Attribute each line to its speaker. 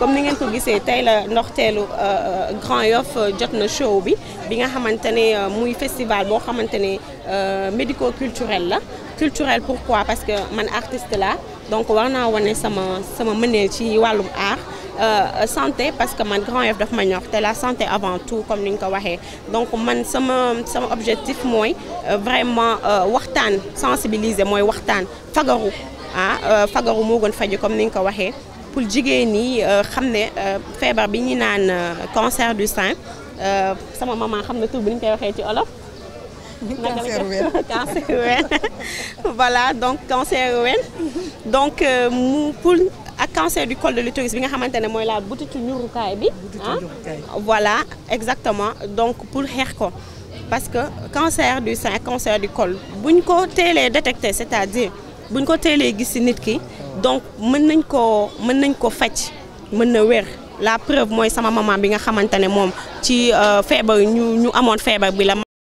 Speaker 1: comme ni ngeen ko gisee tey la ndoxteelu euh, euh, Grand Yoff euh, jot na show bi bi nga xamante ne muy festival boo xamante ne médico culturel la culturel pourquoi parce que man artiste la donc war naa wane sama sama mëneel ci wàllum art Euh, santé parce que man Grand Yoff daf ma ñor te la santé avant tout comme ni nga ko waxee donc man sama sama objectif mooy vraiment waxtaan sensibiliser mooy waxtaan fagaru ah fagaru moo gën faju comme ni nga ko waxee pour jigéen ñi euh, xam ne euh, feebar bi ñu naan euh, cancer du sein sama maman xam na tur bi ñu koy waxee ci olof. cancer wen cancer voilà donc cancer wen donc mu pour ak cancer du col de l'utérus bi nga xamante ne mooy la butitu ah, ñurukaay bi voilà exactement donc pour xeex ko parce que cancer du sein cancer du col buñ ko teelee détecté c'est-à-dire buñ ko teelee gis ci nit ki donc mën nañ koo mën nañ ko faj mën na wér la preuve mooy sama maman bi nga xamante ne moom ci euh, feebar ñu ñu amoon feebar bi la